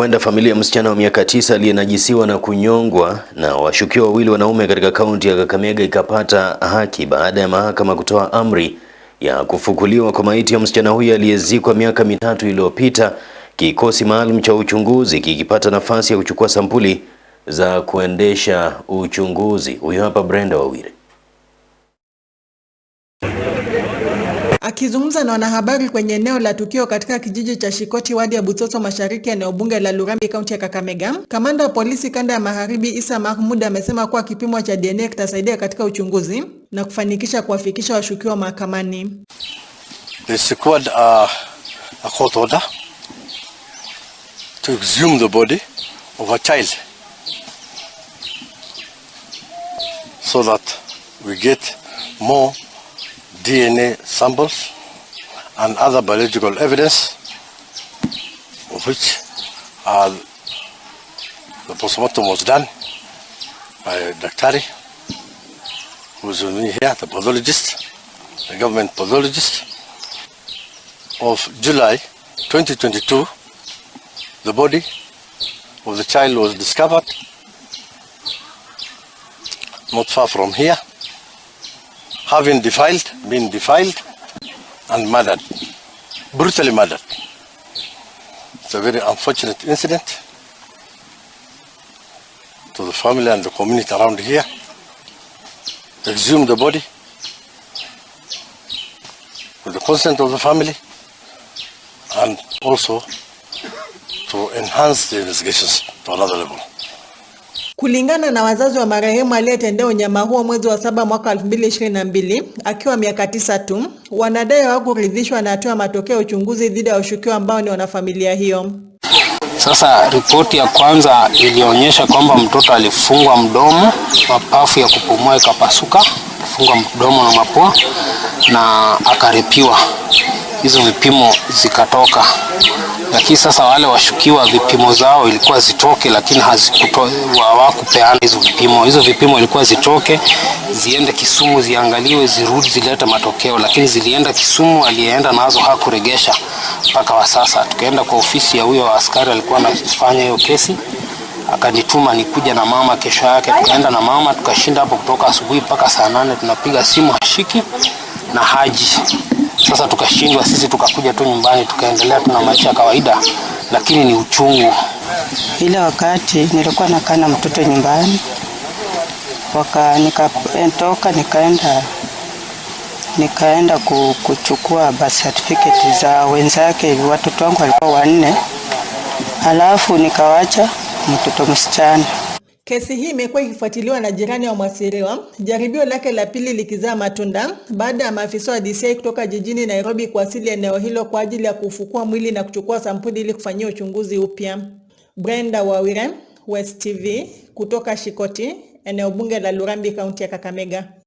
Huenda familia ya msichana wa miaka tisa aliyenajisiwa na kunyongwa na washukiwa wawili wanaume katika kaunti ya Kakamega ikapata haki baada ya mahakama kutoa amri ya kufukuliwa kwa maiti ya msichana huyo aliyezikwa miaka mitatu iliyopita, kikosi maalum cha uchunguzi kikipata nafasi ya kuchukua sampuli za kuendesha uchunguzi. Huyo hapa Brenda Wawire. Akizungumza na wanahabari kwenye eneo la tukio katika kijiji cha Shikoti wadi ya Butsotso mashariki eneo bunge la Lurambi kaunti ya Kakamega, kamanda wa polisi kanda ya magharibi Isa Mahmud amesema kuwa kipimo cha DNA kitasaidia katika uchunguzi na kufanikisha kuwafikisha washukiwa mahakamani. Euh, the DNA samples and other biological evidence of which uh, the postmortem was done by Dr. who's with me here, the pathologist, the government pathologist. Of July 2022, the body of the child was discovered not far from here having defiled, been defiled, and murdered, brutally murdered. It's a very unfortunate incident to the family and the community around here. Exhumed the body with the consent of the family and also to enhance the investigations to another level. Kulingana na wazazi wa marehemu aliyetendea unyama huo mwezi wa saba mwaka 2022 akiwa miaka tisa tu, wanadai hawakuridhishwa na hatua matokeo ya uchunguzi dhidi ya washukiwa ambao ni wanafamilia hiyo. Sasa ripoti ya kwanza ilionyesha kwamba mtoto alifungwa mdomo, mapafu ya kupumua ikapasuka, alifungwa mdomo na mapua na akarepiwa hizo vipimo zikatoka, lakini sasa wale washukiwa vipimo zao ilikuwa zitoke, lakini hawakupeana hizo vipimo. Hizo vipimo ilikuwa zitoke ziende Kisumu ziangaliwe, zirudi zilete matokeo, lakini zilienda Kisumu, alienda nazo hakuregesha mpaka wa sasa. Tukaenda kwa ofisi ya huyo askari alikuwa anafanya hiyo kesi akanituma nikuja na mama kesho yake. Tukaenda na mama tukashinda hapo kutoka asubuhi mpaka saa nane, tunapiga simu hashiki na haji sasa tukashindwa sisi, tukakuja tu nyumbani, tukaendelea tuna maisha ya kawaida, lakini ni uchungu. Ile wakati nilikuwa nakaa na mtoto nyumbani, nikatoka eh, nikaenda nikaenda kuchukua birth certificate za wenzake. Watoto wangu walikuwa wanne, alafu nikawacha mtoto msichana Kesi hii imekuwa ikifuatiliwa na jirani wa mwathiriwa, jaribio lake la pili likizaa matunda baada ya maafisa wa DCI kutoka jijini Nairobi kuwasili eneo hilo kwa ajili ya kufukua mwili na kuchukua sampuli ili kufanyia uchunguzi upya. Brenda Wawire, West TV, kutoka Shikoti, eneo bunge la Lurambi, kaunti ya Kakamega.